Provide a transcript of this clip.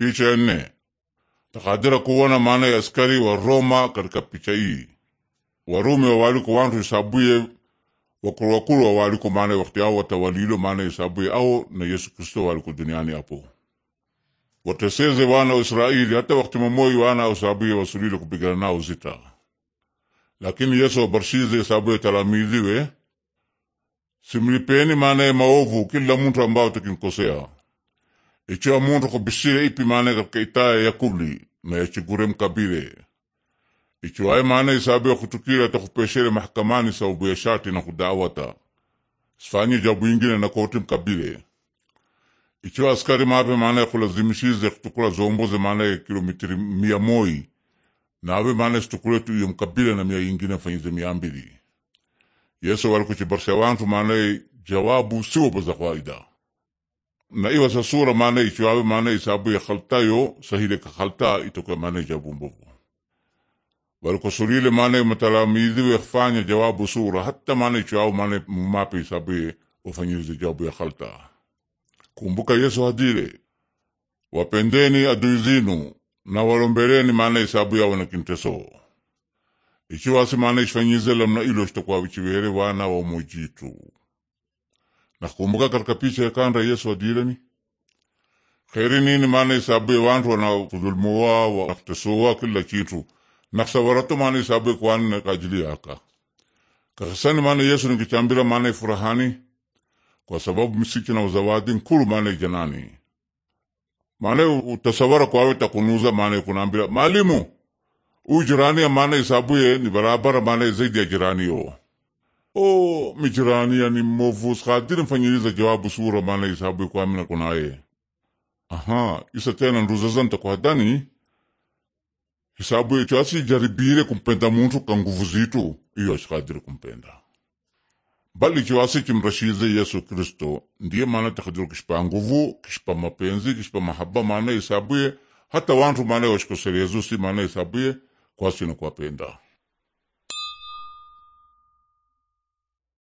Picha ya nne takadira kuona maana ya askari wa Roma katika picha hii. Warumi wawaliko wantu isabuye wakuluwakulu wakulu wawaliko maana wakati awo watawalilo maana isabuye awo na Yesu Kristo waliko duniani hapo. Wateseze wana wa Israeli hata wakati mamoyi wana isabuye wasulile kupigana nao zita Lakini Yesu wabarshize isabuye talamiziwe, simlipeni maana ya maovu kila mtu ambao tukinkosea ichi amuntu kubisire ipi maana kapkeitae yakuli na yachigure mkabile ichi wae maana isabu ya kutukira takupeshere mahakamani sababu ya shati na kudawata sifanye jabu ingine na koti mkabile ichi askari mape maana ya kulazimishize kutukula zomboze mane ya kilomitri mia moi nawe maana situkule tu iyo mkabile na mia ingine fanyize mia mbili yesu walikuchibarsha wantu maana jawabu sio za kawaida na iwa sa sura manai cuawe manai sabu ya yo sahile ka khalta itoka manai jabu mbovu bal ko surile ya matalamizi wefanya jawabu sura hata manai cuawe manai mapi sabu ufanyizi jawabu ya khalta kumbuka Yesu hadire wapendeni adui zinu na walombereni manai sabu ya wana kinteso ichiwasi manai shifanyize lamna ilo shitakuwa wichiwere wana wa mojitu Nakumbuka katika picha yakanda Yesu adileni kheri nini maana isabue wantu wanakudhulumowa wakutesowa kila kitu nakusawarato maana isabue kwani kajili yaka kakasani maana Yesu nikichambira maana ifurahani kwa sababu misiki na uzawadi nkulu maana ijanani maana utasawara kwawe takunuza maana ikunambira malimu ujirani ya maana isabue ni barabara maana zaidi ya jirani yoo o mijirani yani mmovus kadiri mfanyiliza jawabu sura maana isabu ikwamina kunaye aha isa tena nduzazanta kwadani hisabu yecho asijaribire kumpenda muntu ka nguvu zitu iyo asikadiri kumpenda bali icho asichimrashize yesu kristo ndiye maana takadiru kishipa nguvu kishipa mapenzi kishipa mahaba maana isabuye hata wantu maana washikoserezusi maana isabuye kwasina kuwapenda